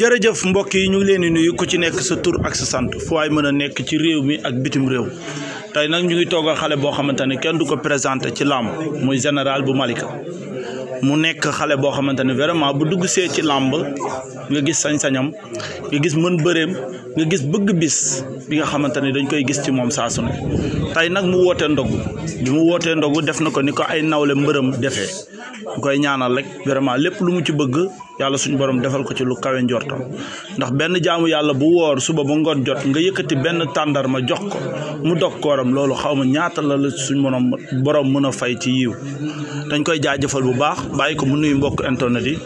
jërëjëf mbokk yi ñu ngi leen di nuyu ku ci nekk sa tur ak sa sant fu waay mën a nekk ci réew mi ak bitim réew tey nag ñu ngi toog xale boo xamante ne kenn du ko présenté ci làmb muy général bu Malika mu nekk xale boo xamante ne vraiment bu dugg see ci làmb nga gis sañ-sañam nga gis mën bëreem nga gis bëgg bis bi nga xamante ne dañ koy gis ci moom saa su tey nag mu wootee ndogu bi mu wootee ndogu def na ko ni ko ay nawle mbërëm defee ñu koy ñaanal rek vraiment ci bëgg yàlla suñu borom defal ko ci lu kawe njortam ndax benn jaamu yàlla bu woor suba ba ngoon jot nga yëkkati benn tàndarma jox ko mu dog kooram loolu xaw ma ñaata la la suñu borom mën a fay ci yiw dañ koy jaajëfal bu baax bàyyi ko mu nuyu mbokk internet yi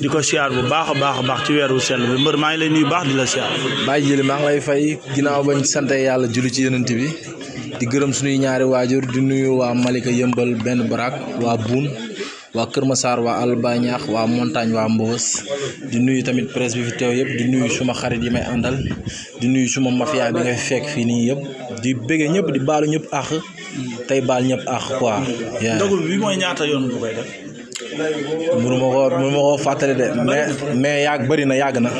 di ko siyaar bu baax a baax a baax ci weeru sell bi mbër maa ngi leen nuyu baax di la siyaar. Baye Jili maa ngi lay fay ginnaaw bañ sant yàlla julli ci yonent bi di gërëm suñuy ñaari waajur di nuyu waa Malika yëmbal benn barak waa Buun. waa Kër Massar waa Albañaax waa Montagne waa Mbowes di nuyu tamit presse bi fi teew yëpp di nuyu suma xarit yi may àndal di nuyu suma mafia bi nga fi fekk fii nii yëpp di bëggee ñëpp di baalu ñëpp àq tey baal ñëpp àq quoi. ndogu bi mooy ñaata yoon nga koy def. mënu ma ma ko fàttali de mais mais yàgg bëri na yàgg na.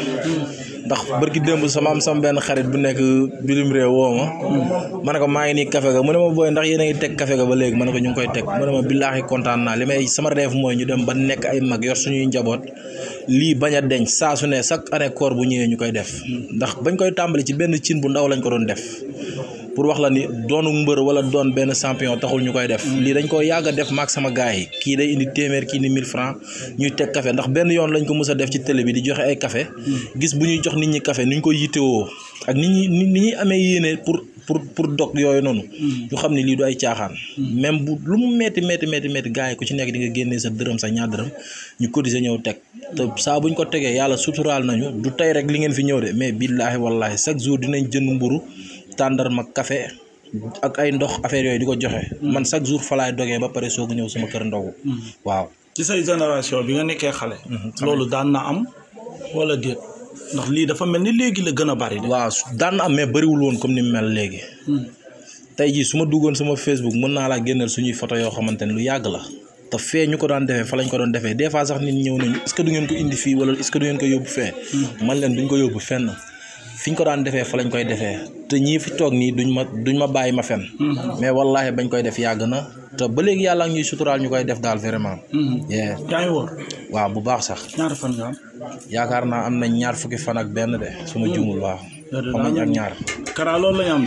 ndax barki démb sama am sama benn xarit bu nekk bilim réew woo ma ma ne ko maa ngi nii kafe ga mu ne ma booy ndax yéen a ngi teg kafe ga ba léegi ma ne ko ñu ngi koy teg mu ne ma billaahi kontaan naa li may sama reef mooy ñu dem ba nekk ay mag yor suñuy njaboot lii bañ a denc saa su ne chaque année koor bu ñëwee ñu koy def ndax bañ koy tàmbali ci benn cin bu ndaw lañ ko doon def pour wax la ni doonu mbër wala doon benn champion taxul ñu koy def mm. lii dañ ko yàgg a def maag sama gaay yi kii day indi téeméer kii ni mille francs ñuy teg café ndax benn yoon lañ ko mës a def ci télé di joxe ay café mm. gis bu ñuy jox nit ñi café ni ñu ko yittewoo ak nit ñi ni ñuy amee yéene pour pour pour dog yooyu noonu mm. ñu xam ne lii du ay caaxaan même bu lu mu metti metti metti ku ci nekk di nga génnee sa dërëm sa ñaar dërëm ñu cotiser ñëw teg te buñ ko tegee yàlla suturaal nañu du tey rek li ngeen fi ñëw de mais billaahi wallaahi chaque jour dinañ jënd mburu tàndarma café ak ay ndox affaire yooyu di ko joxe mm. man chaque jour falaay dogee ba pare soogu ñëw sama kër ndogu mm. waaw ci say génération bi nga nekkee mm-hmm. xale loolu daan na am wala déet ndax lii dafa mel ni léegi la gën a bari waaw daan na am mais bariwul woon comme ni mu mel léegi mm. tey jii su ma duggoon sama Facebook mën naa laa génneel suñuy photo yoo xamante ne lu yàgg la te fee ñu ko daan defee fa lañ ko doon defee des fois sax nit ñëw nañu est du ko indi fii wala est-ce que du ngeen ko yóbbu fee fi ñu ko daan defee fa lañ koy defee te ñii fi toog nii duñ ma duñ ma bàyyi ma fen mm-hmm. mais wallaahi bañ koy def yàgg na te ba léegi yàlla ñuy suturaal ñu koy def daal vraiment. Mm-hmm. yaa ngi waaw bu baax sax. ñaar fan nga yaakaar naa am na ñaar fukki fan ak benn de. su ma mm-hmm. juumul waaw. xam nañ ñaar. Kara loolu la ñu am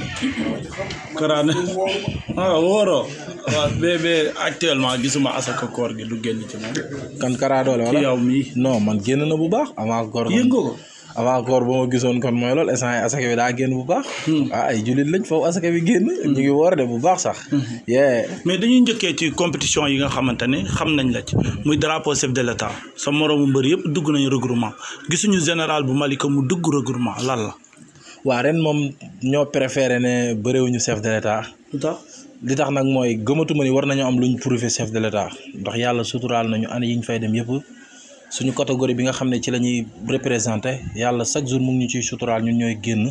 bee bee ah, actuellement gisuma asaka koor gi du génn ci moom. kan Kara doole wala man génn na bu baax. avant koor yëngoo ko. avant koor ba ma gisoon kon mooy lool instant yi asaka bi daa génn bu baax hmm. ah ay jullit lañ foofu asaka bi génn hmm. ñu ngi woor de bu baax sax hmm. yee mais dañuy njëkkee ci compétition yi nga xamante ne xam nañ la muy drapeau chef de l'état sa moroomu mbër yëpp dugg nañu regroupement gisuñu général bu Malika mu dugg regroupement lan la waa ren moom ñoo préféré ne bëréewuñu chef de l'état li tax nag mooy gëmatuma ni war nañoo am luñ prouvé chef de l'état ndax yàlla suturaal nañu année yi ñu fay dem yëpp suñu catégorie bi nga xam ne ci la ñuy représenté yàlla chaque jour mu ngi ñu ciy suturaal ñun ñooy génn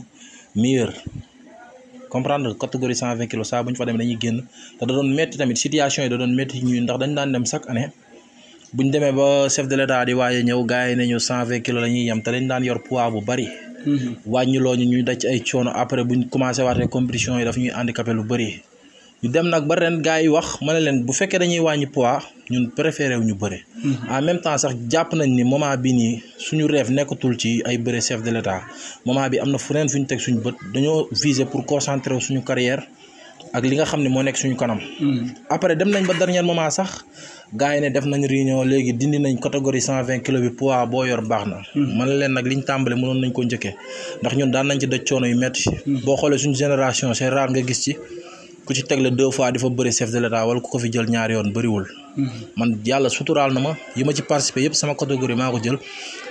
meilleur comprendre catégorie cent vingt saa bu ñu fa demee dañuy génn te da doon métti tamit situation yi da doon métti ñuy ndax dañu daan dem chaque année bu ñu demee ba chef de l'état di waaye ñëw gars yi ne ñu cent kilos la ñuy yem te dañ daan yor poids bu bari. Mhm. wàññiloo ñu ñuy daj ay coono après buñ commencé waatee compétition yi daf ñuy handicapé lu bëri. ñu dem nag ba reen gars yi wax ma ne leen bu fekkee dañuy wàññi pois ñun préféré wu ñu bëre. Mhm. en même temps sax jàpp nañ ni moment bi nii suñu rêve nekkatul ci ay bëre chef de l'état bi am na feneen fu teg suñu bët dañoo viser pour concentrer wu suñu ak li nga xam ne moo nekk suñu kanam. Mhm. après dem nañ ba dernier moment sax gaa yi ne def nañ réunion léegi dindi nañ catégorie cent vingt kilos bi pois boo yor baax na. Mhm. man leen nag liñ tàmbale mënoon nañ ko njëkkee ndax ñun daan nañ ci daj coono yu métti. boo xoolee suñu génération c'est ra nga gis ci. ku ci teg la deux fois di fa bëri chef de l'état wala ku ko fi jël ñaari yoon bëriwul. man yàlla suturaal na ma yi ma ci participer yëpp sama catégorie maa ko jël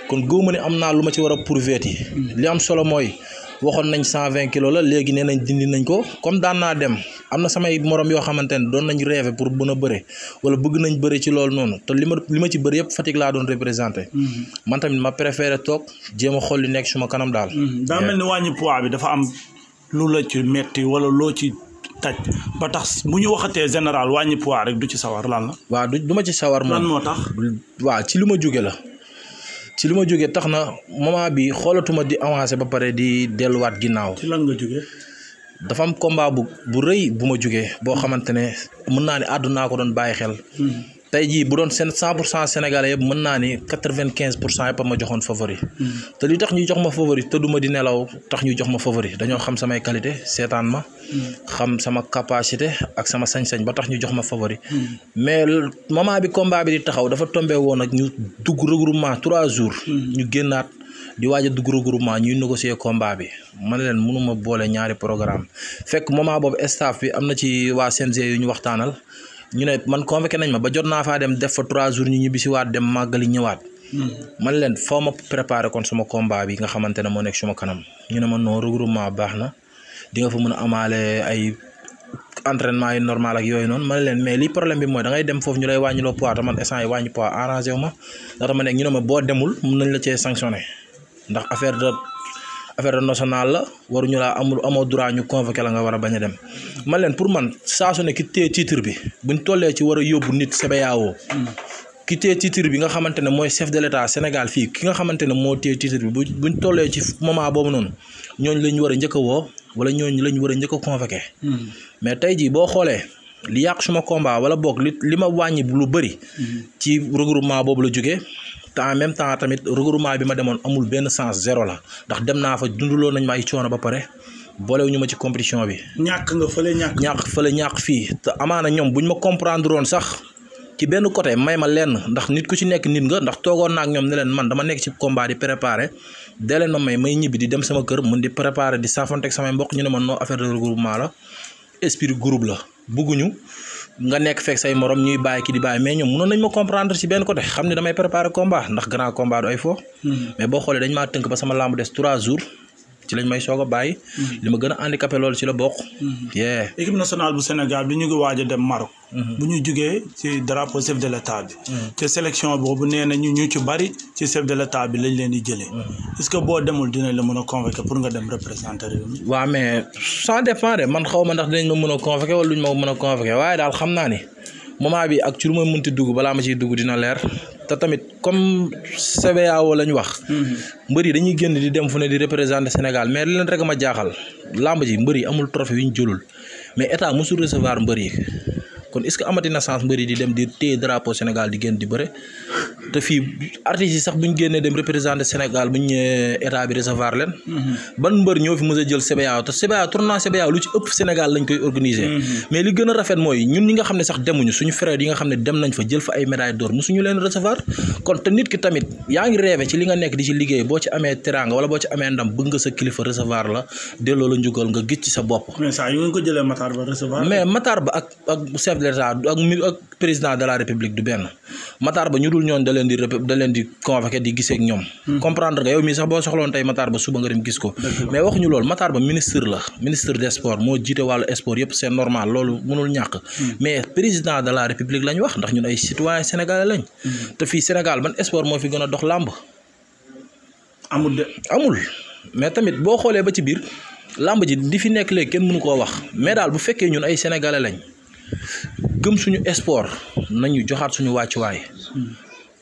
kon gëw ma ne am naa lu ma ci war a prouver yi li am solo mooy waxoon nañ na samay morom yoo xamante ne doon nañ a ci loolu ma mm-hmm. a kanam daal. Mm-hmm. daa mel ni wàññi poids bi dafa am lu la ci metti wala loo ci. taj ba tax bu ñu waxatee général wàññi poids rek du ci sawar lan la. waaw du du ma ci sawar. lan moo tax waaw ci lu ma jóge la. ci lu ma jógee tax na moment bi xoolatuma di avancé ba pare di delluwaat ginnaaw. ci lan nga jógee. dafa am combat bu bu rëy bu ma jógee boo xamante ne mën naa ne àddunaa ko doon bàyyi xel. Hmm. tey jii bu doon seen cent cent sénégalais yëpp mën naa ni quatre vingt quinze pour cent yëpp ma joxoon favori mm. te li tax ñu jox ma favori te du di nelaw tax ñu jox ma favori dañoo xam samay qualité seetaan ma mm. xam sama capacité ak sama sañ-sañ ba tax ñu jox ma favori mm. mais moment bi combat bi di taxaw dafa tombé woon ak ñu dugg regroupement trois jours ñu génnaat di waaj a dugg regroupement ñuy négocier combat bi ma ne leen mënuma boole ñaari programme fekk moment boobu staff bi am na ci waa CNG yu ñu waxtaanal ñu ne man convoqué nañ ma ba jot naa faa dem def fa trois jours ñu ñibbi si waat dem màggali ñëwaat. Hmm. man leen foo ma préparé kon suma combat bi nga xamante ne moo nekk suma kanam ñu ne ma non regroupement baax na di nga fa mën a amaale ay. entraînement yi normal ak yooyu noonu man leen mais li problème bi mooy da ngay dem foofu ñu lay wàññiloo poids te man instant yi wàññi ma ndax dama nekk ñu ne ma boo demul mun nañ la cee sanctionné ndax affaire de affaire nationale la waruñu laa amul amoo droit ñu convoqué la nga war a bañ a dem man leen pour man saa su ne ki téye titre bi buñ tollee ci war a yóbbu nit CBAO ki téye titre bi nga xamante ne mooy chef de l'état Sénégal fii ki nga xamante ne moo téye titre bi buñ tollee ci moment boobu noonu ñooñu lañ war a njëkk woo wala ñooñu lañu war a njëkk a convoqué mais tey jii boo xoolee li yàq suma combat wala boog li li ma wàññi lu bëri ci regroupement boobu la jógee te en même temps tamit regroupement bi ma demoon amul benn sens zéro la ndax dem naa fa dunduloo nañ ma ay coono ba pare boolewu ñu ma ci compétition bi. ñàkk nga fële ñàkk. ñàkk fële ñàkk fii te amaana ñoom bu ñu ma comprendre woon sax ci benn côté may ma lenn ndax nit ku ci nekk nit nga ndax toogoon naa ak ñoom ne leen man dama nekk ci combat di préparer dee leen ma may may ñibbi di dem sama kër mun di préparer di saafonteeg samay mbokk ñu ne ma non affaire de regroupement la esprit groupe la bugguñu. nga nekk fekk say morom ñuy bàyyi ki di bàyyi mais ñoom mënoon nañ ma comprendre si benn côté xam ne damay préparer combat ndax grand combat du ay fo hmm. mais boo xoolee dañ maa tënk ba sama lamb des trois jours ci lañ may soog a bàyyi. Mhm. li ma gën a handicapé loolu ci la bokk. Mhm. yee national bu Sénégal bi ñu ngi waaj a dem Maroc. Mhm. bu ñu jugee ci drapeau chef de l' état bi. ci sélection boobu nee na ñu ñu ci bari ci chef de l' état bi lañ leen di jëlee. est ce que boo demul dinañ la mën a convoqué pour nga dem représenter réew mi. waaw mais ça dépend de man xaw ma ndax dinañ ma mën a convoqué lu duñ ma mën a convoqué waaye daal xam naa ni. moment bi ak ci lu ma munti dugg balaa ma ciy dugg dina leer te tamit comme CBAO la ñu wax. Mm-hmm. mbër yi dañuy génn di dem fu ne di représenter Sénégal mais leen rek ma jaaxal làmb ji mbër yi amul trophée yu ñu jëlul mais état mosul recevoir mbër yi. kon est ce que amati na chance mbëri di dem di téye drapeau Sénégal di génn di bëre te fii artistes yi sax bu ñu génnee dem représenter Sénégal bu ñu ñëwee état bi recevoir leen. Mm-hmm. ban mbër ñoo fi mës a jël CBAO te CBAO tournoi CBAO lu ci ëpp Sénégal lañ koy organiser. Mm-hmm. mais li gën rafet mooy ñun ñi nga xam ne sax demuñu suñu frère yi nga xam ne dem nañ fa jël fa ay médaille d'or musuñu leen recevoir kon te nit ki tamit yaa ngi rêvé ci li nga nekk di ci liggéey boo boo ci amee ndam bëgg nga sa kilifa recevoir la delloo la njugal nga d'état ak ak président de la république du benn Matar Ba ñu dul ñoon da leen di da leen di convoqué di gisee ak ñoom. Hmm. comprendre nga yow mii sax boo soxloon tey Matar Ba suba nga dem gis ko. mais waxuñu loolu Matar Ba ministre la ministre des sports moo jiite wàllu sport yëpp c'est normal loolu mënul ñàkk. Hmm. mais président de la république lañ wax ndax ñun ay citoyens sénégalais lañ. Hmm. te fii Sénégal ban sport moo fi gën a dox làmb. amul de amul mais tamit boo xoolee ba ci biir. làmb ji di fi nekk léegi kenn mënu koo wax mais daal bu fekkee ay sénégalais lañ gëm suñu sport nañu joxaat suñu wàccuwaay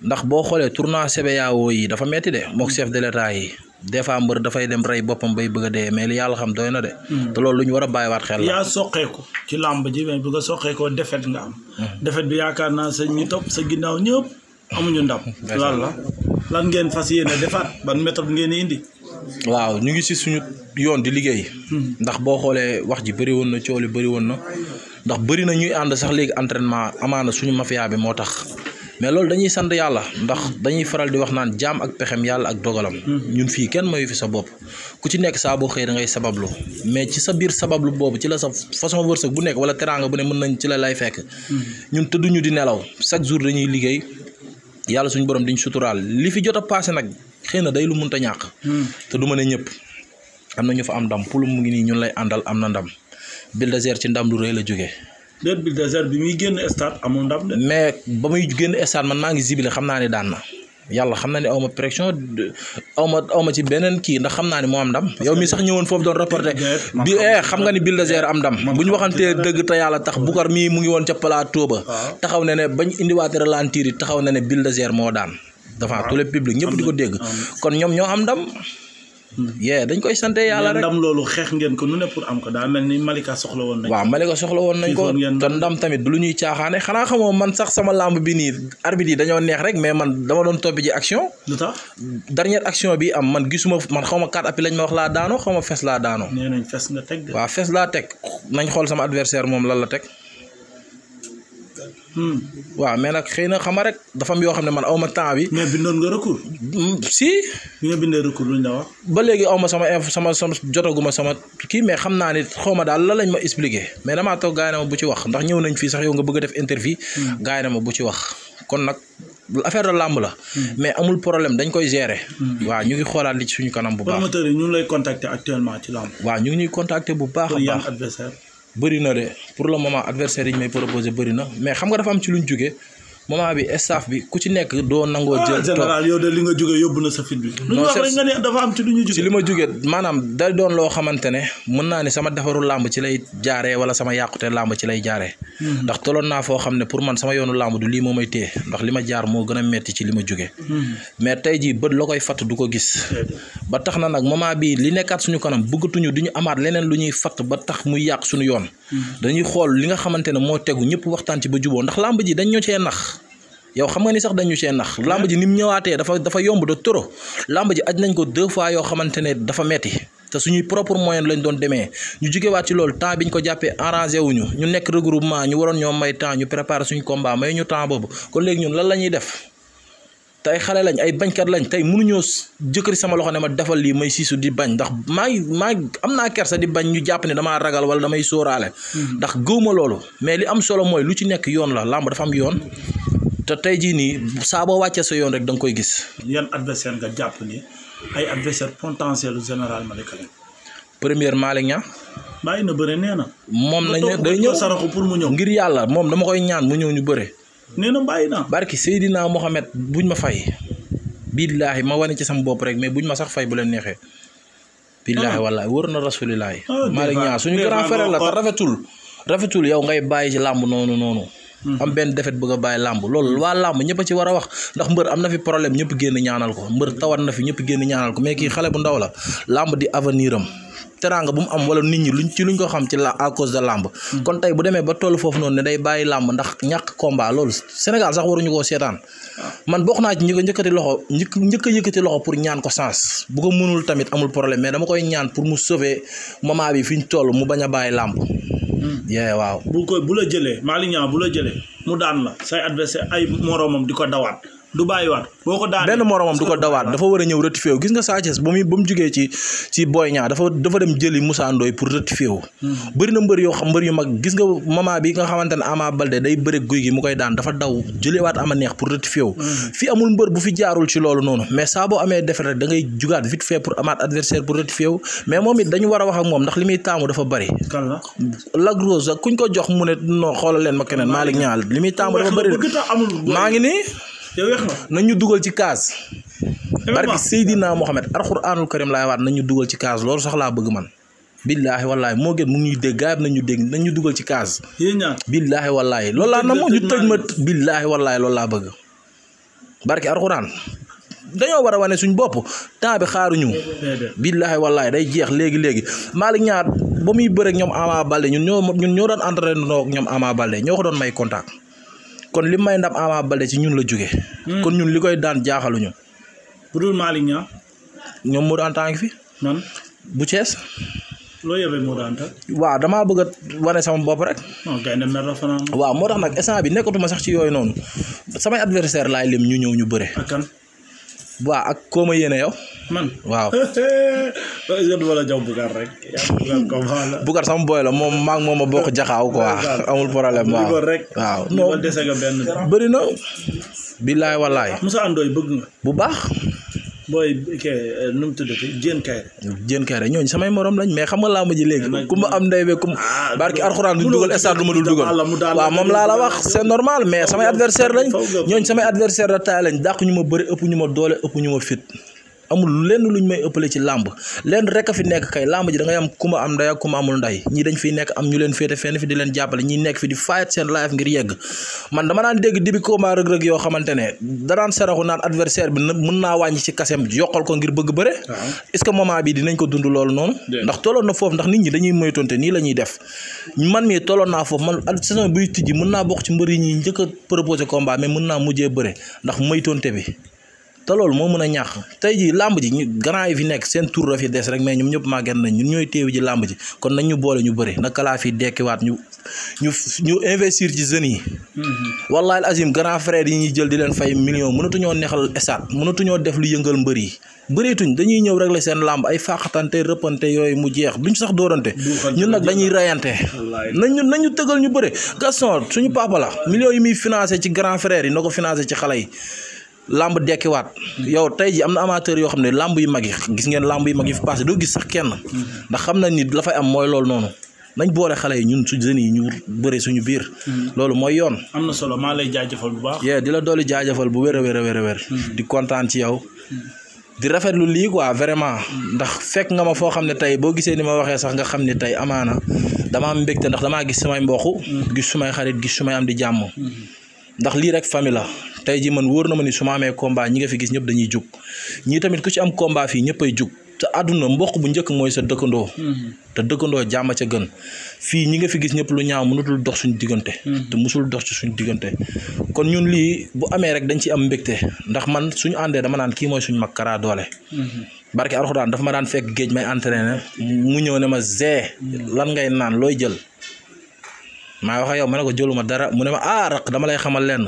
ndax boo xoolee tournoi CBAO yi dafa metti de moo chef de l'état yi des fois mbër dafay dem rey boppam bay bëgg a dee mais yàlla xam doy na de. Hmm. te loolu lu ñu war a bàyyiwaat xel la. yaa soqeeku ci làmb ji mais nga soqeekoo defet nga am. Hmm. defet bi yaakaar naa sa ñu topp sa ginnaaw ñëpp amuñu ndam. lan la lan ngeen fas yéene defaat ban méthode ngeen indi. waaw ñu ngi si suñu yoon di liggéey. Hmm. ndax boo xoolee wax ji bëri woon na coow li bëri woon na ndax bari na ñuy ànd sax léegi entraînement amaana suñu mafia bi moo tax mais loolu dañuy sant yàlla ndax dañuy faral di wax naan jaam ak pexem yàlla ak dogalam. ñun fii kenn mayu fi sa bopp ku ci nekk saa boo xëy da ngay sabablu mais ci sa biir sabablu boobu ci la sa façon wërsëg bu nekk wala teraanga bu ne mën nañ ci la lay fekk. ñun tëdduñu di nelaw chaque jour dañuy liggéey yàlla suñu borom diñ suturaal li fi jot a paase nag xëy na day lu mënta ñàkk. Hmm. te du ma ne ñëpp am na fa am ndam pour mu ngi nii ñun lay àndal am na ndam. Bulldozer ci ndam lu rëy la jógee. mais ba muy génn stade man maa ngi zibile xam naa ne daan na yàlla xam na ne aw ma pression aw ma aw ma ci beneen kii ndax xam naa ne moo am ndam yow mi sax ñëwoon foofu doon rapporté bi eh xam nga ni Bulldozer am ndam bu ñu waxantee dëgg te yàlla tax Bukar mii mu ngi woon ca plateau ba ah. taxaw na ne bañ indiwaate ralentir yi taxaw ne ne Bulldozer moo daan devant ah. tout le public ñëpp di ko dégg kon ñoom ñoo am ndam yee dañ koy sante yàlla rek ndam loolu xeex ngeen ko nu ne pour am ko daa mel ni Malika soxla woon nañ ko. waaw soxla woon nañ ko te ndam tamit du lu ñuy caaxaane xanaa xamoo man sax sama lamb bi nii arbitre yi dañoo neex rek mais man dama doon topp ji action. lu tax dernière action bi am man gisuma man xaw ma carte appui lañ ma wax laa daano xaw ma fes laa daanoo. nee nañ fes nga teg de. waaw fes laa teg nañ xool sama adversaire moom lan la teg. Hmm. waaw mais nag xëy na xama rek dafa am yoo xam ne man aw ma temps bi. mais hmm, bi nga bindee recours luñ la ba léegi aw ma sama info sama sama jotaguma sama kii mais xam naa ne xaw ma daal la lañ ma expliqué mais damaa toog gaay na ma bu ci wax ndax ñëw nañ fii sax yow nga bëgg a def interview. Hmm. gaay na ma bu ci wax kon nag. affaire de làmb la. mais amul problème dañ koy gérer. waaw ñu ngi xoolaat li ci suñu kanam bu baax. promoteurs yi ñu ngi lay contacter actuellement ci làmb. waaw ñu ngi ñuy contacter bu baax a baax. bëri na de pour le moment adversaire yi ñu may proposé bëri na mais xam nga dafa am ci luñ jóge moment bi staff bi ku ci nekk doo nangoo. jël ah, li nga jógee yóbbu na sa fit bi. lu ñu ci ñu jógee. li ma jógee maanaam day doon loo xamante ne mën naa ne sama defaru làmb ci lay jaaree wala sama yàqute làmb ci lay jaaree. Hmm. ndax toloon naa foo xam ne pour man sama yoonu làmb du lii moo may téye ndax li ma jaar moo gën a metti ci li ma jógee. Hmm. mais tey jii bët la koy fatt du ko gis. ba tax na nag moment bii li nekkaat suñu kanam bëggatuñu du ñu amaat leneen lu ñuy fatt ba tax muy yàq suñu yoon. Hmm. dañuy xool li nga xamante ne moo tegu ñëpp waxtaan ci ba juboo ndax làmb ji dañ ñoo cee nax yow xam nga ni sax dañu cee nax lamb ji ni mu ñëwaatee dafa dafa yomb de toro lamb ji aj nañ ko deux fois yoo xamante ne dafa metti te suñuy propre moyen lañ doon demee ñu jugewaat ci loolu temps biñ ko jàppee arrangé wuñu ñu nekk regroupement ñu waroon ñoo may temps ñu préparé suñu combat may ñu temps boobu kon léegi ñun lan lañuy def tey xale lañ ay bañkat lañ tey mënuñoo jëkkëri sama loxo ne ma defal lii may siisu di bañ ndax maa maa am naa kersa di bañ ñu jàpp ne damaa ragal wala damay sóoraale hmm. ndax gëwma loolu mais li am solo mooy lu ci nekk yoon la làmb dafa yoon te tey jii nii saaboo boo wàccee sa yoon rek da nga koy gis. yan adversaire nga jàpp ni ay adversaire potentiel général Malika lañ. premièrement Malick Niang. na bëre na. moom nañ day ñëw saraxu pour mu ñëw. ngir yàlla moom dama koy ñaan mu ñëw ñu bëre. nee na bàyyi naa. barki Seydina Mohamed buñ ma fay. billaahi ma wane ci sama bopp rek mais buñ ma sax fay bu leen neexee. billaahi wallaahi wër na rasulilahi. Ah, Malick Niang suñu grand frère la te rafetul. rafetul yow ngay bàyyi ci làmb noonu noonu. am mhm. benn defet bëgg a bàyyi làmb loolu waa làmb ñëpp a ci war a wax ndax mbër am na fi problème ñëpp génn ñaanal ko mbër tawat na fi ñëpp génn ñaanal ko mais kii xale bu ndaw la làmb di avenir am teranga bu mu am wala nit ñi luñ ci luñ ko xam ci la à cause de làmb mhm. kon tey bu demee ba toll foofu noonu ne day bàyyi làmb ndax ñàkk combat loolu Sénégal sax waruñu koo seetaan ah. man bokk naa ci ñi ko njëkkati loxo njëkk njëkk a loxo pour ñaan ko sens bu ko mënul tamit amul problème mais dama koy ñaan pour mu sauver moment bi fi ñu toll mu bañ a bàyyi làmb Mm. yee waaw bu ko bu la jëlee Malick bu la jëlee mu daan la say adversaire ay moroomam di ko dawaat du bàyyiwaat boo ko daan benn moromam du ko dawaat dafa war a ñëw retifié wu gis nga Sa Thiès ba muy ba mu jugee ci ci Boy Niang dafa dem jëli Moussa pour retifié wu hmm. bëri mbër yoo xam mbër yu mag gis nga mama bi nga xamante ne Ama Baldé day bëre guy gi mu koy daan dafa daw jëlewaat ama neex pour retifié wu hmm. fii amul mbër bu fi jaarul ci loolu noonu mais saa boo amee defet rek da ngay jugaat vite fait pour amaat adversaire pour retifié wu mais moom it dañu war a wax ak moom ndax li muy ko jox mu ne non xoolal leen ma keneen Malick Niang li muy yow weex na nañ ñu dugal ci kaas. barki Seydina Mohamed alxuraanul karim laay waat nañ ñu dugal ci kaas loolu sax laa bëgg man. billaahi wallaahi moo gën mu ngi ñuy dégg gaay nañ ñu dégg nañ dugal ci kaas. yéen ñaar billaahi wallaahi loolu laa na moo ñu tëj ma billaahi wallaahi laa bëgg. barki alxuraan dañoo war a wane suñ bopp temps bi xaaruñu. billaahi wallaahi day jeex léegi léegi Malick ñaar ba muy bëreeg ñoom Ama Baldé ñun ñoo ñun ñoo doon entraîné ak ñoom Ama Baldé ñoo ko doon may contact. kon li may ndam Ama Baldé ci ñun la jóge hmm. kon ñun li koy daan jaaxaluñu. bu dul Malick ñoom Modou Anta ngi fi. man bu Cees. loo yëgee Modou Anta. waaw damaa bëgg a wane sama bopp rek. waaw moo tax nag instant bi nekkatuma sax ci yooyu noonu samay adversaire laay lim ñu ñëw ñu bëre. waaw ak koo ma yéene yow. man waaw. rek. Boucar sama boy la moom maa moom a bokk jaxaaw quoi amul problème waaw. waaw non bëri na. billaay wallaay. bëgg nga. bu baax. booy kay euh, nu mu tuddati Diène Kairé. Diène Kairé ñooñu samay morom lañ mais xam nga laa ji léegi. ku ma am ndey be ku ma ah, barki alxuraan du dugal stade du ma dul dugal. waaw moom laa la wax c'est normal mais samay adversaire lañ. ñooñ samay adversaire la taay lañ dàq ñu ma bëri ëpp ñu ma doole ëpp ñu ma fit. amul lenn lu luñ may ëppale ci làmb lenn rek a fi nekk kay làmb ji da ngay am ku ma am nday ak ku amul nday ñi dañ fiy nekk am ñu leen féete fenn fi di leen jàppale ñi nekk fi di faayat seen live ngir yegg man dama naan dégg dibi combat rëg yoo xamante ne danaan saraxu naan adversaire bi mën naa wàññi ci kasem yokkal ko ngir bëgg bëre est-ce que moment bi ko dund loolu noonu ndax tolloon na foofu ndax nit ñi dañuy moytonte nii la ñuy def man mii tolloon naa foofu man saison buy tijji mën naa bokk ci mbër yi ñuy njëkk a proposé combat mais mën naa mujjee bëre ndax moytonte bi te loolu moo mën a ñax tey ji làmb ji ñu grand yi fi nekk seen tour la fi des rek mais ñoom ñëpp màgget nañ ñun ñooy téewi ji làmb ji kon nañu boole ñu bëri naka laa fi dekkiwaat ñu ñu ñu investir ci jeunes yi mm-hmm. wallaahi azim grand frère yi ñuy jël di leen fay million mënatuñoo neexal esat mënatuñoo def lu yëngal mbër yi bëreetuñ dañuy ñëw rek la seen làmb ay fàqatante rëppante yooyu mu jeex duñ sax dóorante ñun nag dañuy rayante nañu nañu tëgal ñu bëre Gaston suñu papa la millions yi muy financé ci grand yi na ko financé ci xale yi làmb dekkiwaat yow tey ji am na amateur yoo xam ne làmb yu mag yi gis ngeen làmb yu mag yi fi passé doo gis sax kenn ndax xam nañ ni la am mooy loolu noonu nañ boole xale yi ñun su jeunes yi ñu bëre suñu biir. Mm-hmm. loolu mooy yoon. am na solo maa lay jaajëfal bu baax. di la dolli jaajëfal bu wér a wér a wér a mm-hmm. di kontaan ci yow. Mm-hmm. di rafetlu lii quoi vraiment. ndax fekk nga ma foo xam ne tey boo gisee ni ma waxee sax nga xam ne tey amaana dama am mbégte ndax damaa gis samay mboq. gis sumay xarit gis sumay am di jàmm. ndax lii rek famille tey ji man wóor na ma ni su ma amee combat ñi nga fi gis ñëpp dañuy jug ñii tamit ku ci am combat fii ñëppay jug te àdduna mboq bu njëkk mooy sa dëkkandoo mhm. te dëkkandoo jàmm ca gën fii ñi nga fi gis ñëpp lu ñaaw mënatul dox suñu diggante mhm. te musul suñu diggante kon ñun lii bu amee rek dañ ciy am mbégte ndax man suñu àndee dama naan kii mooy suñu mag Kara Dollé mhm. barke daan dafa ma daan fekk géej may entraîné mu ñëw ne ma zee lan ngay naan looy jël maa wax yow ma ne ko jëluma dara mu ne ma ah dama lay xamal lenn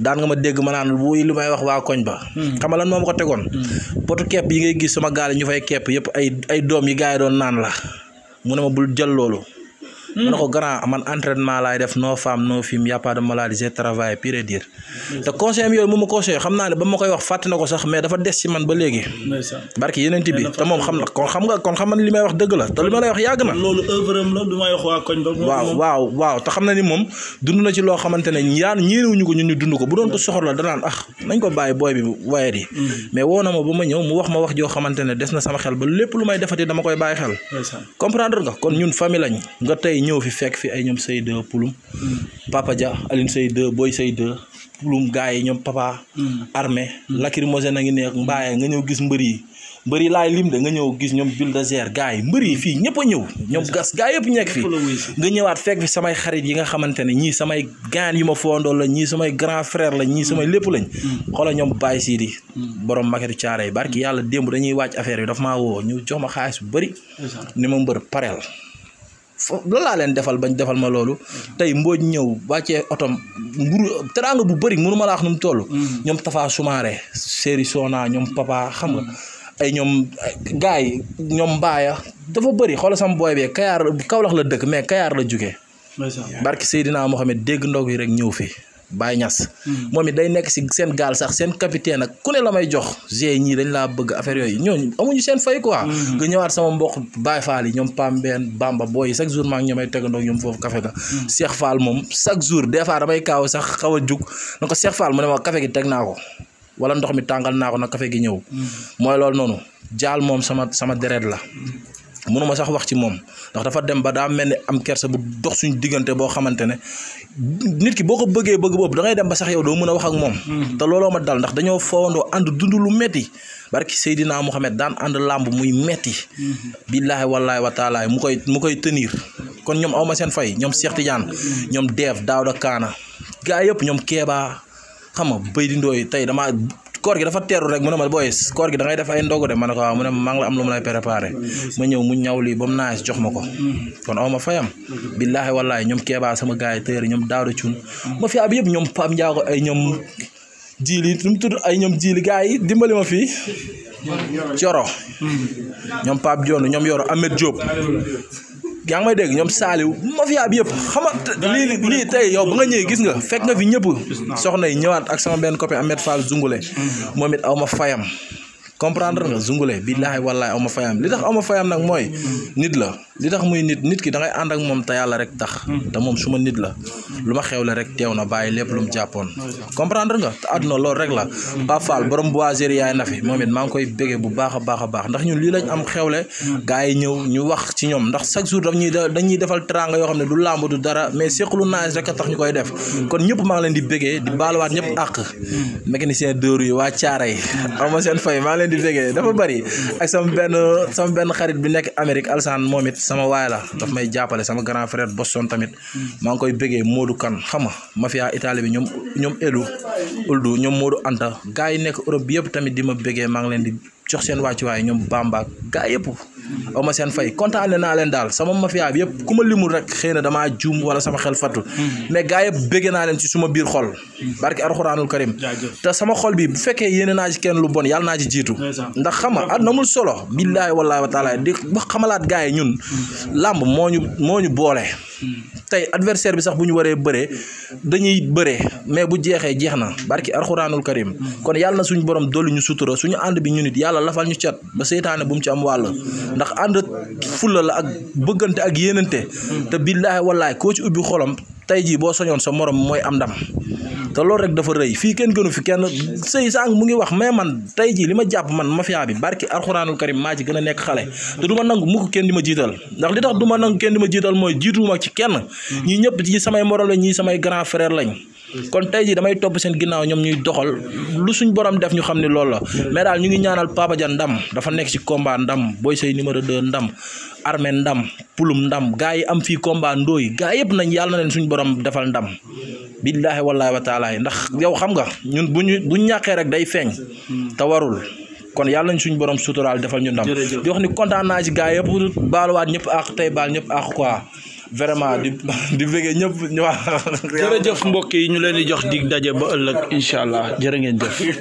daan nga ma dégg ma naan wuy lu may wax waa koñ ba hmm. xama lan moom ko tegoon hmm. potu kepp yi ngay gis suma gaal ñu fay kepp yëpp ay ay doom yi gars yi doon naan la mu ne ma bul jël loolu mu ne ko hmm. grand man entraînement laay def no femme no film y a pas de maladie pire et te conseil am yooyu mu ma conseillé xam naa ne ba ma koy wax fàtte na ko sax mais dafa des ci man ba na xam nga kon xam na li may wax dëgg la te li ma lay wax na loolu œuvre xam na ni moom dund na ci loo xamante ne ñaan ñeenewuñu ko ñu ñu dund ko bu doon ko soxor la danaan ah nañ ko bàyyi booy bi wayet yi hmm. mais woo na ma ba ma ñëw mu wax ma wax joo xamante ne des na sama xel ba lépp lu may defati dama koy bàyyi xel comprendre nga kon ñun famille lañ nga tey ñëw fi fekk fi ay ñoom Seydou Pulum Papa Dia Aline Seydou Boy Seydou Pulum gars yi ñoom papa armée lacrymogène a ngi nekk mbaaye nga ñëw gis mbër yi mbër yi laay lim de nga ñëw gis ñoom bulldozer gars yi mbër yi fii ñëpp ñëw ñoom gas gars yëpp nekk fi nga ñëwaat fekk fi samay xarit yi nga xamante ne ñii samay gaan yu ma foondool la ñii samay grand frère la ñii samay lépp lañ xoolal ñoom Baye Sidi borom maketu caare yi barki yàlla démb dañuy wàcc affaire bi dafa maa woo ñu jox ma bu bëri ni ma mbër pareel loolu laa leen defal bañ defal ma loolu tey mbooj ñëw wàccee otom mburu teraanga bu bëri mënu ma la wax nu mu toll mm-hmm. ñoom Tafa Soumaré Seri Sona ñoom Papa xam nga ay ñoom gars yi ñoom mbaaya dafa bëri xoolal sama booy bee Kayaar Kawlax la dëkk mais Kayaar la jóge barki Seydina Mohamed dégg ndog yi rek ñëw fii Baye Niass. moom it day nekk si seen gaal sax seen capitaine ak ku ne la may jox g ñii dañ laa bëgg affaire yooyu ñooñu amuñu seen fay quoi. Mm-hmm. nga ñëwaat sama mboq Baye Fall yi ñoom Pambeen Bamba booy yi chaque jour maa ngi ñoom ay tegandoo ñoom foofu café ga mm-hmm. Cheikh Fall moom chaque jour des fois damay kaaw sax xaw a jug na ko Cheikh Fall mu ne kafe gi teg naa ko wala ndox mi tàngal naa ko nag kafe gi ñëw. Mm-hmm. mooy loolu noonu jaal moom sama sama deret la. mënuma sax wax ci moom ndax dafa dem ba daa mel ni am kersa bu dox suñu diggante boo xamante ne nit ki boo ko bëggee bëgg boobu da dem ba sax yow doo mën a wax ak moom. Mm-hmm. te looloo ma dal ndax dañoo foondoo ànd dund lu metti barki Seydina Mohamed daan ànd làmb muy metti mm-hmm. billaahi wallaahi wa mu koy mu koy tenir kon ñoom awma seen fay ñoom Cheikh Tidiane mm-hmm. ñoom Deef Daouda Kaana gaa yëpp ñoom Kéba xam nga béy di tey damaa koor gi dafa teeru rek mu ne ma boys koor gi da def ay ndogu de ma ne ko waaw mu ne ma a ngi la am lu mu lay ma ñëw mu ñaw lii ba mu naaj jox ma ko kon aw ma fayam billaahi wallaahi ñoom keebaa sama gars yi tëyër ñoom daaru cun ma fi ab yëpp ñoom pam njaago ay ñoom jiili nu mu tudd ay ñoom jiili gars yi dimbali ma fii coro mm. ñoom Pape Dione ñoom yoro Ahmed Diop yaa ngi may dégg ñoom Saliou mafia bi yëpp xam nga lii lii tey yow ba nga ñëwee gis nga fekk nga fi ñëpp soxna yi ñëwaat ak sama benn copain Ahmed Fall Zungule mhm. moom it aw ma fayam comprendre nga Zungule billaahi wallaahi aw ma fayam li tax aw ma nag mooy mhm. nit la li tax muy nit nit ki da ngay ànd ak moom te yàlla rek tax hmm. te moom suma nit la lu ma xewle rek teew na bàyyi lépp lu mu jàppoon comprendre nga te àdduna loolu rek la hmm. Pape Fall borom boiserie yaay na fi moom it maa ngi koy bége bu baax a baax a baax ndax ñu lii lañ am xewle hmm. gars yi ñëw ñu wax ci ñoom ndax chaque jour daf ñuy dañuy defal teranga yoo xam ne du làmb du dara mais seqalu naaj rek a tax ñu koy def kon ñëpp maa ngi leen di bégee di baaluwaat ñëpp àq mécanicien dóor yi waa caara yi ama seen maa leen di bégee dafa bari ak sama benn benn xarit bi nekk Amérique Alsaan moom it sama waay la daf may jàppale sama grand frère Boston tamit mm. maa ngi koy bëggee Modou kan xam nga mafia Italie bi ñoom ñoom Elu Uldu ñoom Modou Anta gars yi nekk Europe bi yëpp tamit di ma bëggee maa ngi leen di jox seen waaye ñoom bambaak gaa yëpp aw ma seen fay kontaane naa leen daal sama mafia bi yëpp ku ma limul rek xëy na damaa juum wala sama xel fattu hmm. mais gaa yëpp bëgg naa leen ci suma biir xol hmm. barki arxuraanul karim te sama xol bi bu fekkee yéene naa ci kenn lu bon yàlla naa ci jiitu ndax xama at namul solo billaahi wallaahi wa taala di xamalaat gaa yi ñun hmm. làmb moo ñu moo ñu boole tey adversaire bi sax bu ñu waree bëree dañuy bëree mais bu jeexee jeex na barki arxuraanul karim kon yàlla na suñu borom dolli ñu sutura suñu ànd bi ñu nit yàlla lafal ñu cat ba seytaane bu mu ci am wàll ndax ànd fulla la ak bëggante ak yéenante te billaahi wallaay koo ci ubbi xolam tey jii boo soñoon sa moroom mooy am ndam te loolu rek dafa rëy fii kenn gënu fi kenn sëy sàng mu ngi wax mais man tey jii li ma jàpp man mafia bi barki arxuraanul karim maa ci gën a nekk xale te du ma nangu mukk kenn di ma jiital ndax li tax du ma nangu kenn di ma jiital mooy jiituwuma ci kenn ñii ñëpp ci samay morom lañ ñii samay grand frère lañ kon tey jii damay topp seen ginnaaw ñoom ñuy doxal lu suñ borom def ñu xam ne loolu la mais daal ñu ngi ñaanal Papa Dia ndam dafa nekk ci combat ndam Boy Seye numéro 2 ndam Armé ndam Pulum ndam gaa yi am fii combat ndóoy gaa yëpp nañ yàlla na leen suñ borom defal ndam billaahi wallaahi wa ndax yow xam nga ñun bu ñu bu ñàkkee rek day feeñ te warul kon yàlla nañ suñu borom suturaal defal ñu ndam di wax ni kontaan naa ci gaa yëpp ñëpp àq tey baal ñëpp àq quoi vraiment di di bëggee ñëpp ñu wax jërëjëf mbokk yi ñu leen di jox dig daje ba ëllëg incha allah jërë ngeen jëf